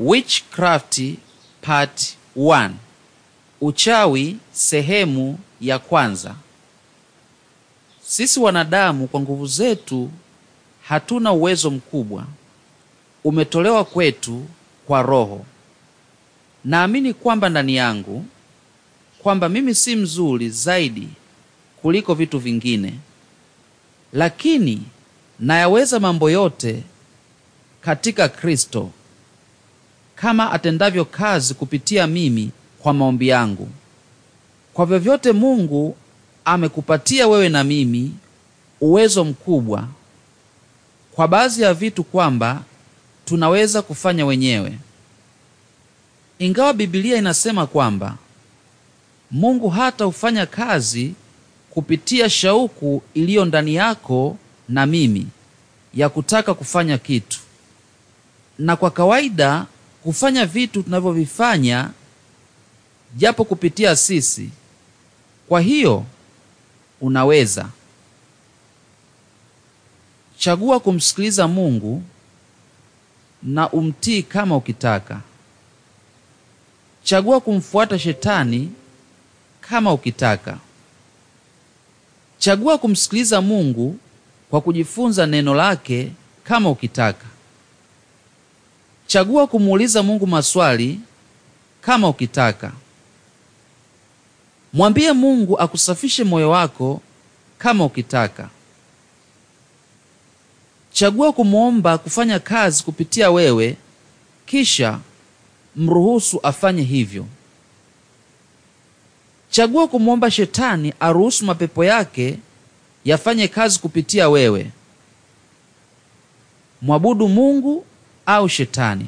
Witchcraft Part 1 Uchawi sehemu ya kwanza. Sisi wanadamu kwa nguvu zetu hatuna uwezo mkubwa, umetolewa kwetu kwa Roho. Naamini kwamba ndani yangu kwamba mimi si mzuri zaidi kuliko vitu vingine, lakini nayaweza mambo yote katika Kristo kama atendavyo kazi kupitia mimi kwa maombi yangu. Kwa vyovyote Mungu amekupatia wewe na mimi uwezo mkubwa kwa baadhi ya vitu kwamba tunaweza kufanya wenyewe, ingawa Biblia inasema kwamba Mungu hata hufanya kazi kupitia shauku iliyo ndani yako na mimi ya kutaka kufanya kitu, na kwa kawaida kufanya vitu tunavyovifanya japo kupitia sisi. Kwa hiyo unaweza chagua kumsikiliza Mungu na umtii kama ukitaka. Chagua kumfuata shetani kama ukitaka. Chagua kumsikiliza Mungu kwa kujifunza neno lake kama ukitaka. Chagua kumuuliza Mungu maswali kama ukitaka. Mwambie Mungu akusafishe moyo wako kama ukitaka. Chagua kumuomba kufanya kazi kupitia wewe, kisha mruhusu afanye hivyo. Chagua kumuomba Shetani aruhusu mapepo yake yafanye kazi kupitia wewe. Mwabudu Mungu au shetani.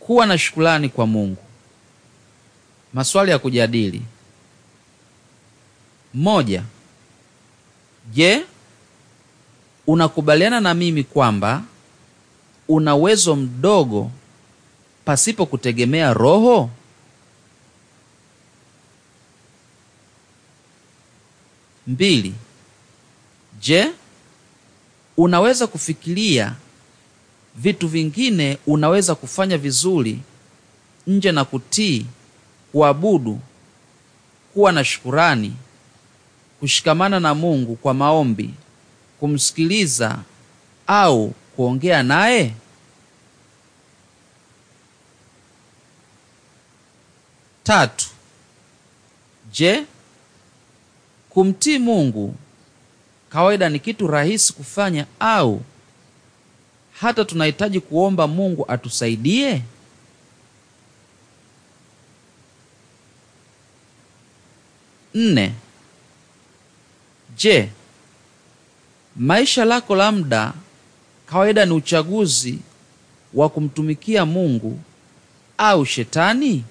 Kuwa na shukrani kwa Mungu. Maswali ya kujadili: moja. Je, unakubaliana na mimi kwamba una uwezo mdogo pasipo kutegemea roho? Mbili. Je, unaweza kufikiria vitu vingine unaweza kufanya vizuri nje na kutii, kuabudu, kuwa na shukurani, kushikamana na Mungu kwa maombi, kumsikiliza au kuongea naye? Tatu. Je, kumtii Mungu kawaida ni kitu rahisi kufanya au hata tunahitaji kuomba Mungu atusaidie? Nne. Je, maisha lako la kawaida ni uchaguzi wa kumtumikia Mungu au shetani?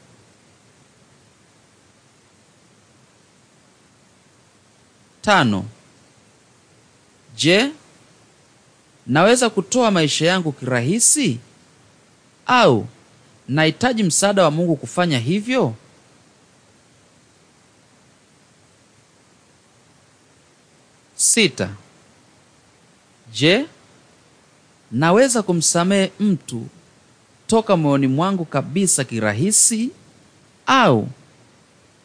Tano. Je, naweza kutoa maisha yangu kirahisi au nahitaji msaada wa Mungu kufanya hivyo? Sita. Je, naweza kumsamehe mtu toka moyoni mwangu kabisa kirahisi au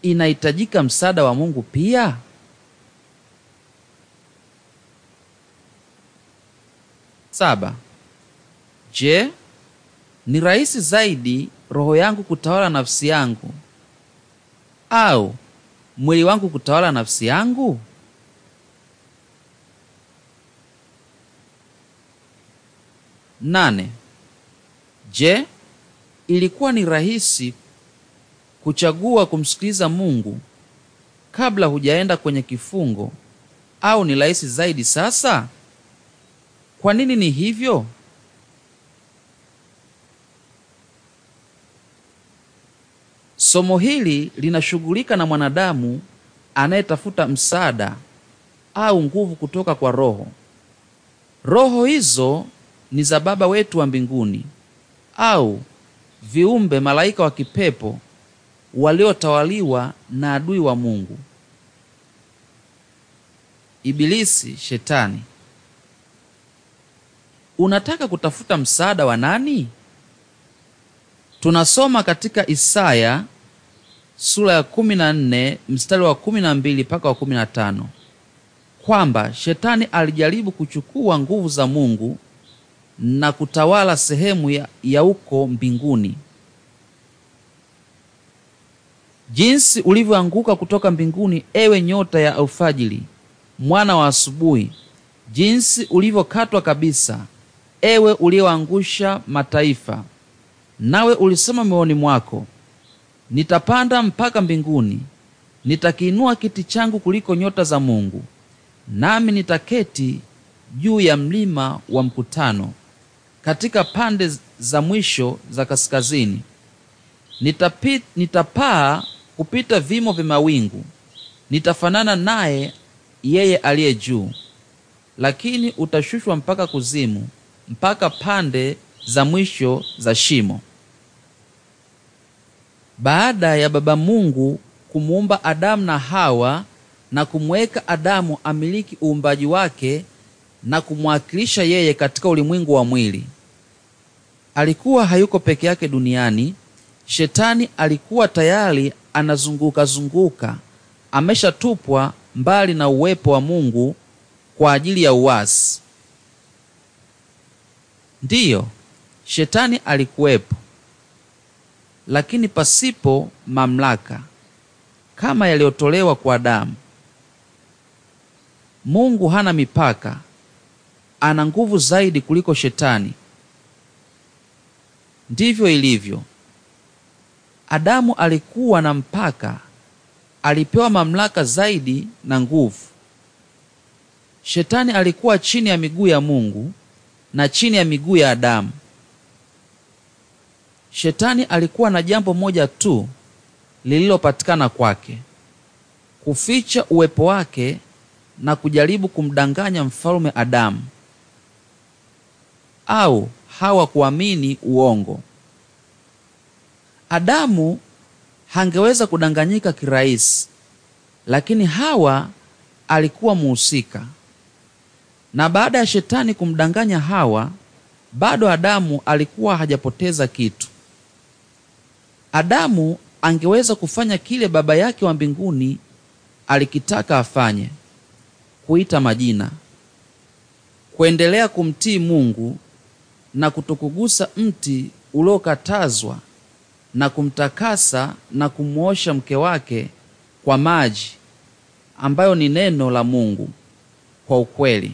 inahitajika msaada wa Mungu pia? Saba. Je, ni rahisi zaidi roho yangu kutawala nafsi yangu au mwili wangu kutawala nafsi yangu? Nane. Je, ilikuwa ni rahisi kuchagua kumsikiliza Mungu kabla hujaenda kwenye kifungo au ni rahisi zaidi sasa? Kwa nini ni hivyo? Somo hili linashughulika na mwanadamu anayetafuta msaada au nguvu kutoka kwa roho. Roho hizo ni za Baba wetu wa mbinguni au viumbe malaika wa kipepo waliotawaliwa na adui wa Mungu, Ibilisi, Shetani unataka kutafuta msaada wa nani? Tunasoma katika Isaya sura ya 14 mstari wa 12 mpaka wa 15 kwamba shetani alijaribu kuchukua nguvu za Mungu na kutawala sehemu ya, ya uko mbinguni. Jinsi ulivyoanguka kutoka mbinguni, ewe nyota ya alfajiri, mwana wa asubuhi, jinsi ulivyokatwa kabisa ewe uliyoangusha mataifa, nawe ulisema moyoni mwako, nitapanda mpaka mbinguni, nitakiinua kiti changu kuliko nyota za Mungu, nami nitaketi juu ya mlima wa mkutano, katika pande za mwisho za kaskazini. Nitapit, nitapaa kupita vimo vya mawingu, nitafanana naye yeye aliye juu. Lakini utashushwa mpaka kuzimu, mpaka pande za mwisho za shimo. Baada ya Baba Mungu kumuumba Adamu na Hawa na kumweka Adamu amiliki uumbaji wake na kumwakilisha yeye katika ulimwengu wa mwili, alikuwa hayuko peke yake duniani. Shetani alikuwa tayari anazunguka zunguka, ameshatupwa mbali na uwepo wa Mungu kwa ajili ya uasi. Ndiyo, shetani alikuwepo, lakini pasipo mamlaka kama yaliyotolewa kwa Adamu. Mungu hana mipaka, ana nguvu zaidi kuliko shetani. Ndivyo ilivyo. Adamu alikuwa na mpaka, alipewa mamlaka zaidi na nguvu. Shetani alikuwa chini ya miguu ya Mungu na chini ya miguu ya Adamu. Shetani alikuwa na jambo moja tu lililopatikana kwake: kuficha uwepo wake na kujaribu kumdanganya mfalme Adamu au Hawa kuamini uongo. Adamu hangeweza kudanganyika kirahisi, lakini Hawa alikuwa muhusika. Na baada ya shetani kumdanganya Hawa, bado Adamu alikuwa hajapoteza kitu. Adamu angeweza kufanya kile baba yake wa mbinguni alikitaka afanye: kuita majina, kuendelea kumtii Mungu na kutokugusa mti uliokatazwa na kumtakasa na kumwosha mke wake kwa maji ambayo ni neno la Mungu kwa ukweli.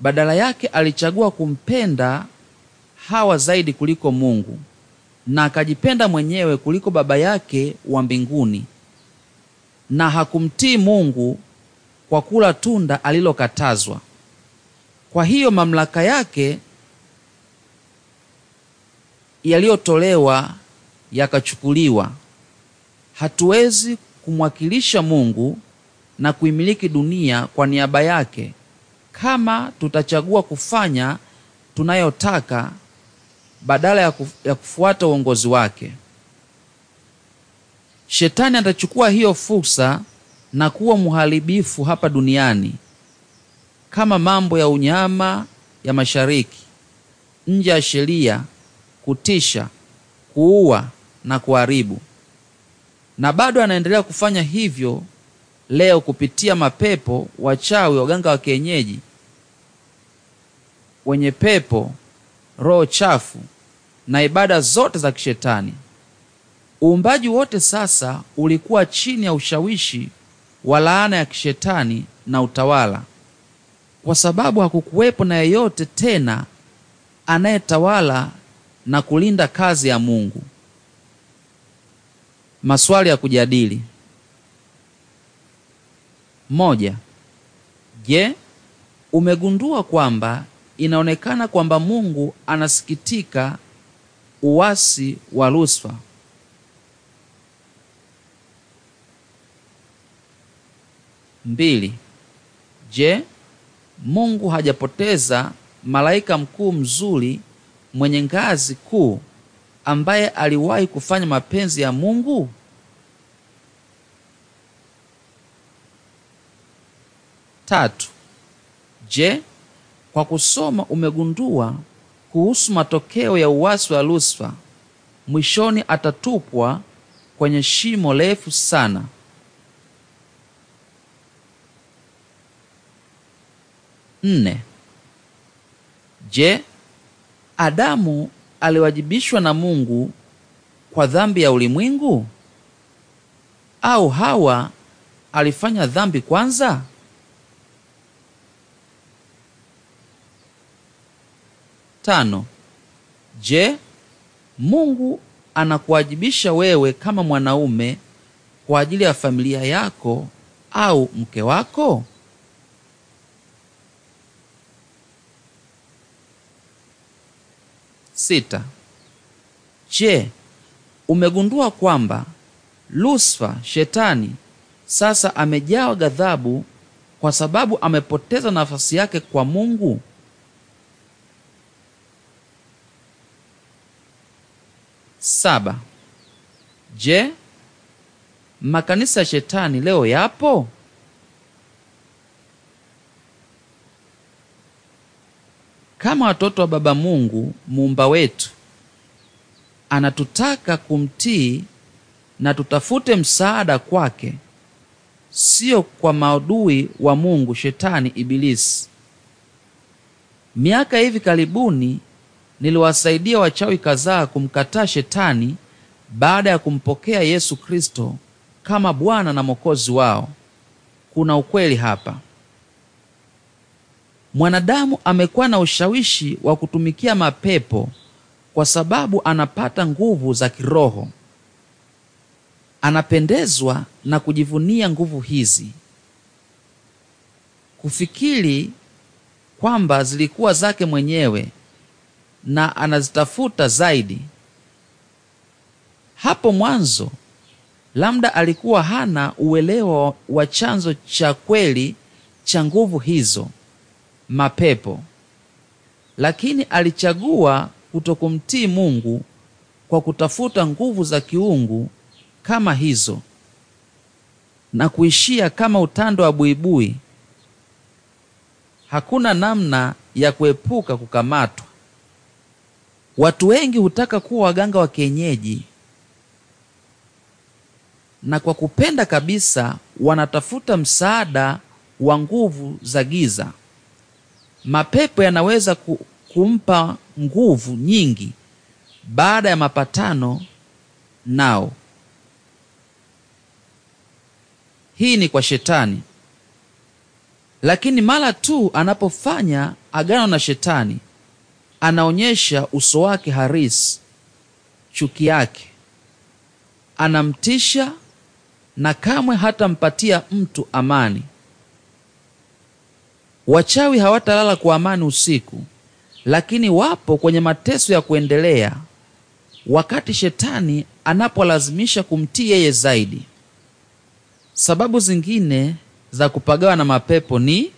Badala yake alichagua kumpenda Hawa zaidi kuliko Mungu na akajipenda mwenyewe kuliko Baba yake wa mbinguni, na hakumtii Mungu kwa kula tunda alilokatazwa. Kwa hiyo mamlaka yake yaliyotolewa yakachukuliwa. Hatuwezi kumwakilisha Mungu na kuimiliki dunia kwa niaba yake kama tutachagua kufanya tunayotaka badala ya, ya kufuata uongozi wake. Shetani atachukua hiyo fursa na kuwa mharibifu hapa duniani, kama mambo ya unyama ya mashariki, nje ya sheria, kutisha, kuua na kuharibu. Na bado anaendelea kufanya hivyo leo kupitia mapepo, wachawi, waganga wa kienyeji wenye pepo, roho chafu na ibada zote za kishetani. Uumbaji wote sasa ulikuwa chini ya ushawishi wa laana ya kishetani na utawala, kwa sababu hakukuwepo na yeyote tena anayetawala na kulinda kazi ya Mungu. Maswali ya kujadili: moja. Je, umegundua kwamba inaonekana kwamba Mungu anasikitika uasi wa Lutfa. Mbili. Je, Mungu hajapoteza malaika mkuu mzuri mwenye ngazi kuu ambaye aliwahi kufanya mapenzi ya Mungu? Tatu. Je, kwa kusoma umegundua kuhusu matokeo ya uwasi wa Lutfa, mwishoni atatupwa kwenye shimo refu sana. Nne. Je, Adamu aliwajibishwa na Mungu kwa dhambi ya ulimwengu au Hawa alifanya dhambi kwanza? tano Je, Mungu anakuwajibisha wewe kama mwanaume kwa ajili ya familia yako au mke wako? Sita. Je, umegundua kwamba lusfa shetani sasa amejawa ghadhabu kwa sababu amepoteza nafasi yake kwa Mungu? Saba. Je, makanisa ya shetani leo yapo? Kama watoto wa Baba Mungu muumba wetu anatutaka kumtii na tutafute msaada kwake, sio kwa maadui wa Mungu, shetani, Ibilisi. Miaka hivi karibuni niliwasaidia wachawi kadhaa kumkataa shetani baada ya kumpokea Yesu Kristo kama Bwana na Mwokozi wao. Kuna ukweli hapa. Mwanadamu amekuwa na ushawishi wa kutumikia mapepo kwa sababu anapata nguvu za kiroho. Anapendezwa na kujivunia nguvu hizi, kufikiri kwamba zilikuwa zake mwenyewe na anazitafuta zaidi. Hapo mwanzo labda alikuwa hana uelewa wa chanzo cha kweli cha nguvu hizo, mapepo, lakini alichagua kutokumtii Mungu kwa kutafuta nguvu za kiungu kama hizo na kuishia kama utando wa buibui. Hakuna namna ya kuepuka kukamatwa. Watu wengi hutaka kuwa waganga wa kienyeji na kwa kupenda kabisa wanatafuta msaada wa nguvu za giza. Mapepo yanaweza kumpa nguvu nyingi baada ya mapatano nao. Hii ni kwa shetani, lakini mara tu anapofanya agano na shetani anaonyesha uso wake haris chuki yake, anamtisha na kamwe hatampatia mtu amani. Wachawi hawatalala kwa amani usiku, lakini wapo kwenye mateso ya kuendelea, wakati shetani anapolazimisha kumtii yeye zaidi. Sababu zingine za kupagawa na mapepo ni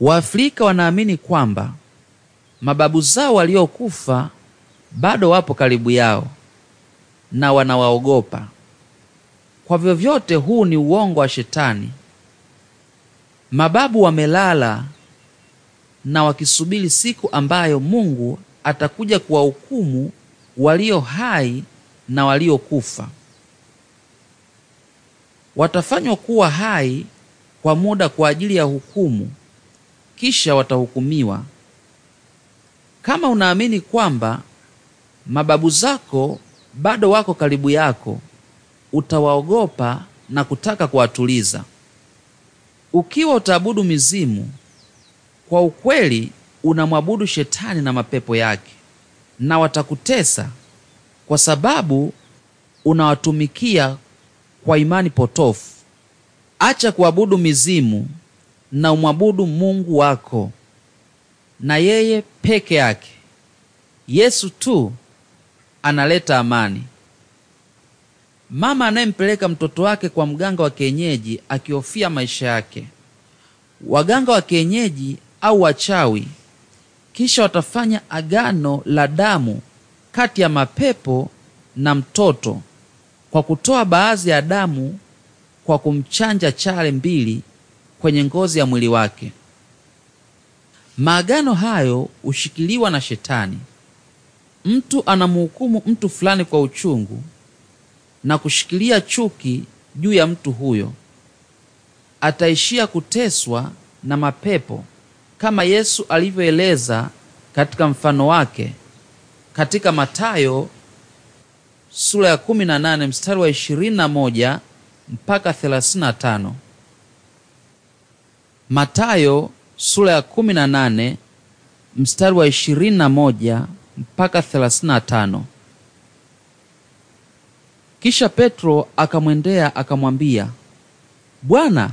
Waafrika wanaamini kwamba mababu zao waliokufa bado wapo karibu yao na wanawaogopa. Kwa vyovyote, huu ni uongo wa Shetani. Mababu wamelala na wakisubiri siku ambayo Mungu atakuja kuwahukumu walio hai na waliokufa. Watafanywa kuwa hai kwa muda kwa ajili ya hukumu kisha watahukumiwa. Kama unaamini kwamba mababu zako bado wako karibu yako, utawaogopa na kutaka kuwatuliza. Ukiwa utaabudu mizimu, kwa ukweli unamwabudu Shetani na mapepo yake, na watakutesa kwa sababu unawatumikia kwa imani potofu. Acha kuabudu mizimu na umwabudu Mungu wako na yeye peke yake. Yesu tu analeta amani. Mama anayempeleka mtoto wake kwa mganga wa kienyeji akihofia maisha yake. Waganga wa kienyeji au wachawi kisha watafanya agano la damu kati ya mapepo na mtoto kwa kutoa baadhi ya damu kwa kumchanja chale mbili kwenye ngozi ya mwili wake. Maagano hayo hushikiliwa na Shetani. Mtu anamhukumu mtu fulani kwa uchungu na kushikilia chuki juu ya mtu huyo, ataishia kuteswa na mapepo kama Yesu alivyoeleza katika mfano wake katika Mathayo sura ya 18 mstari wa 21 mpaka 35. Matayo sura ya kumi na nane mstari wa ishirini na moja mpaka thelathini na tano. Kisha Petro akamwendea akamwambia, Bwana,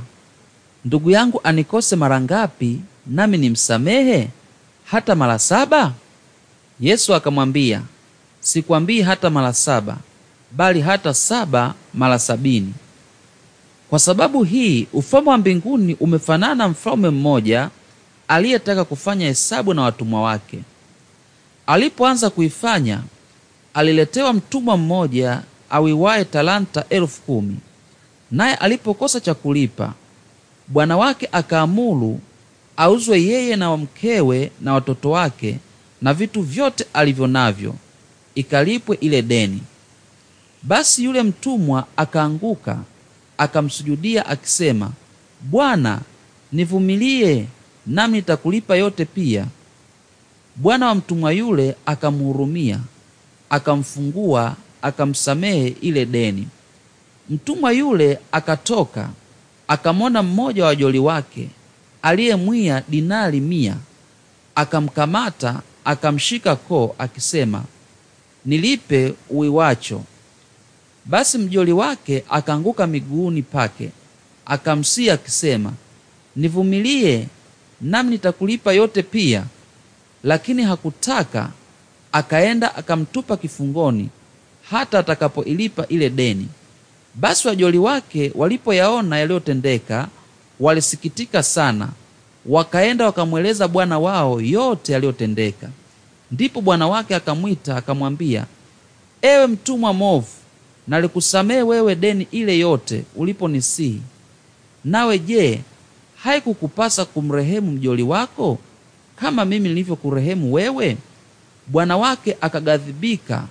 ndugu yangu anikose mara ngapi nami nimsamehe? Hata mara saba? Yesu akamwambia, sikwambii hata mara saba, bali hata saba mara sabini. Kwa sababu hii ufalme wa mbinguni umefanana na mfalme mmoja aliyetaka kufanya hesabu na watumwa wake. Alipoanza kuifanya, aliletewa mtumwa mmoja awiwaye talanta elfu kumi. Naye alipokosa cha kulipa, bwana wake akaamuru auzwe yeye na mkewe na watoto wake na vitu vyote alivyo navyo, ikalipwe ile deni. Basi yule mtumwa akaanguka akamsujudia akisema, Bwana, nivumilie nami nitakulipa yote pia. Bwana wa mtumwa yule akamhurumia, akamfungua, akamsamehe ile deni. Mtumwa yule akatoka akamwona mmoja wa wajoli wake aliyemwia dinari mia, akamkamata akamshika koo akisema, nilipe uiwacho. Basi mjoli wake akaanguka miguuni pake, akamsihi akisema, nivumilie, nami nitakulipa yote pia. Lakini hakutaka, akaenda akamtupa kifungoni hata atakapoilipa ile deni. Basi wajoli wake walipoyaona yaliyotendeka, walisikitika sana, wakaenda wakamweleza bwana wao yote yaliyotendeka. Ndipo bwana wake akamwita akamwambia, ewe mtumwa movu nalikusamehe wewe deni ile yote uliponisihi. Nawe je, haikukupasa kumrehemu mjoli wako kama mimi nilivyokurehemu wewe? Bwana wake akagadhibika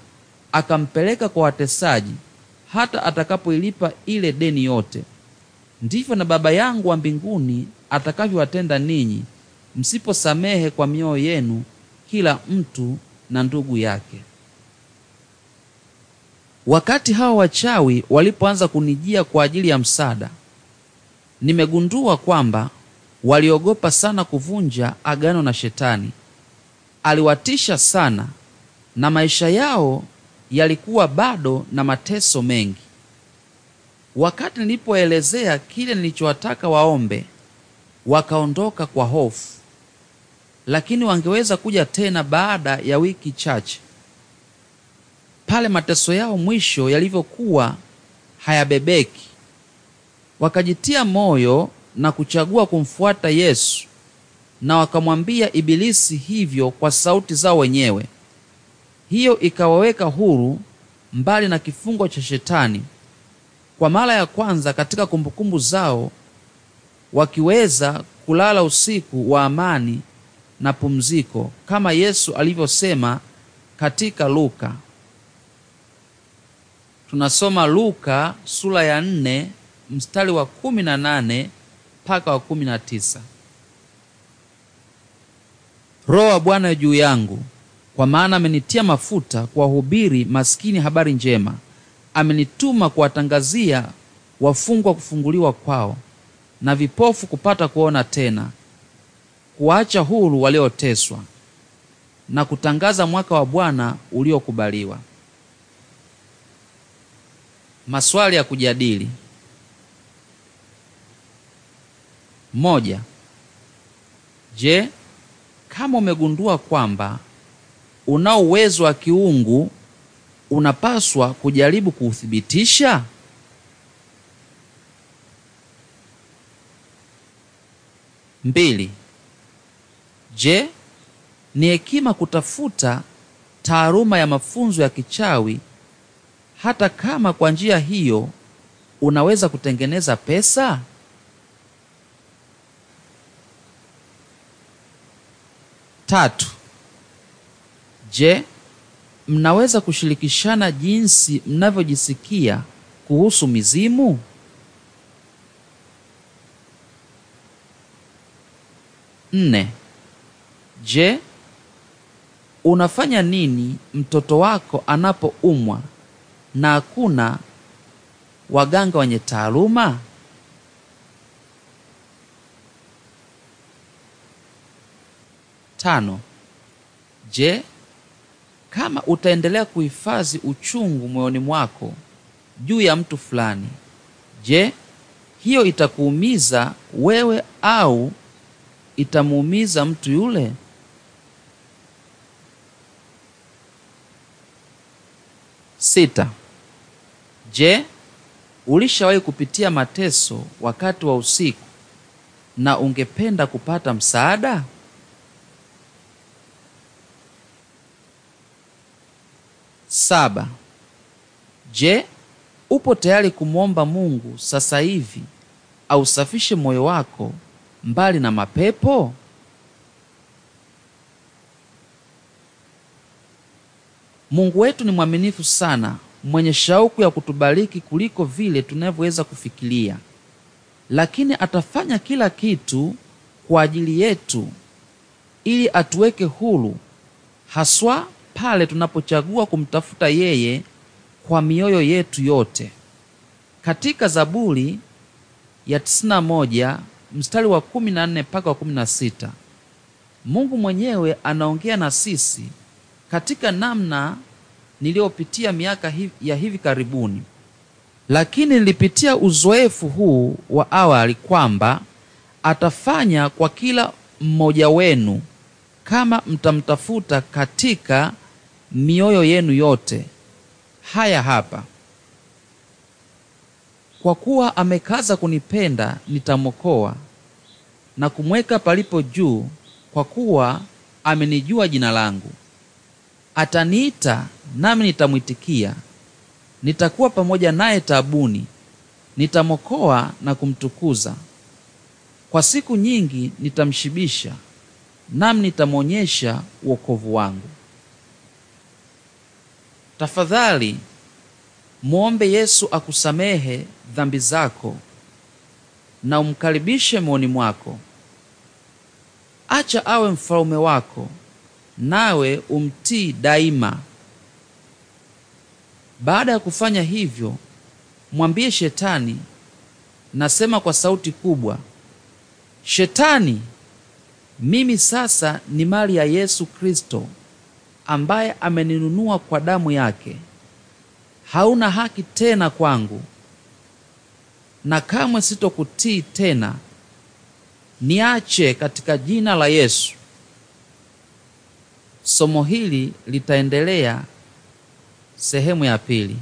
akampeleka kwa watesaji hata atakapoilipa ile deni yote. Ndivyo na Baba yangu wa mbinguni atakavyowatenda ninyi msiposamehe kwa mioyo yenu kila mtu na ndugu yake. Wakati hawa wachawi walipoanza kunijia kwa ajili ya msaada, nimegundua kwamba waliogopa sana kuvunja agano na Shetani. Aliwatisha sana na maisha yao yalikuwa bado na mateso mengi. Wakati nilipoelezea kile nilichowataka waombe, wakaondoka kwa hofu, lakini wangeweza kuja tena baada ya wiki chache pale mateso yao mwisho yalivyokuwa hayabebeki, wakajitia moyo na kuchagua kumfuata Yesu, na wakamwambia Ibilisi hivyo kwa sauti zao wenyewe. Hiyo ikawaweka huru mbali na kifungo cha Shetani. Kwa mara ya kwanza katika kumbukumbu zao, wakiweza kulala usiku wa amani na pumziko, kama Yesu alivyosema katika Luka tunasoma Luka sura ya nne mstari wa kumi na nane mpaka wa kumi na tisa. Roho wa Bwana juu yangu, kwa maana amenitia mafuta kuwahubiri maskini habari njema, amenituma kuwatangazia wafungwa kufunguliwa kwao, na vipofu kupata kuona tena, kuwaacha huru walioteswa, na kutangaza mwaka wa Bwana uliokubaliwa maswali ya kujadili moja je kama umegundua kwamba unao uwezo wa kiungu unapaswa kujaribu kuuthibitisha mbili je ni hekima kutafuta taaluma ya mafunzo ya kichawi hata kama kwa njia hiyo unaweza kutengeneza pesa? Tatu, je, mnaweza kushirikishana jinsi mnavyojisikia kuhusu mizimu? Nne, je, unafanya nini mtoto wako anapoumwa na hakuna waganga wenye taaluma? Tano. Je, kama utaendelea kuhifadhi uchungu moyoni mwako juu ya mtu fulani, je, hiyo itakuumiza wewe au itamuumiza mtu yule? Sita. Je, ulishawahi kupitia mateso wakati wa usiku na ungependa kupata msaada? Saba. Je, upo tayari kumwomba Mungu sasa hivi ausafishe moyo wako mbali na mapepo? Mungu wetu ni mwaminifu sana mwenye shauku ya kutubariki kuliko vile tunavyoweza kufikiria, lakini atafanya kila kitu kwa ajili yetu ili atuweke huru, haswa pale tunapochagua kumtafuta yeye kwa mioyo yetu yote. Katika Zaburi ya 91 mstari wa 14 mpaka wa 16, Mungu mwenyewe anaongea na sisi katika namna niliyopitia miaka hivi, ya hivi karibuni, lakini nilipitia uzoefu huu wa awali kwamba atafanya kwa kila mmoja wenu kama mtamtafuta katika mioyo yenu yote. Haya hapa: kwa kuwa amekaza kunipenda, nitamwokoa na kumweka palipo juu, kwa kuwa amenijua jina langu. Ataniita nami nitamwitikia, nitakuwa pamoja naye taabuni, nitamwokoa na kumtukuza. Kwa siku nyingi nitamshibisha, nami nitamwonyesha uokovu wangu. Tafadhali mwombe Yesu akusamehe dhambi zako na umkaribishe moyoni mwako. Acha awe mfalume wako nawe umtii daima. Baada ya kufanya hivyo, mwambie Shetani, nasema kwa sauti kubwa, Shetani, mimi sasa ni mali ya Yesu Kristo ambaye ameninunua kwa damu yake. Hauna haki tena kwangu, na kamwe sitokutii tena. Niache katika jina la Yesu. Somo hili litaendelea sehemu ya pili.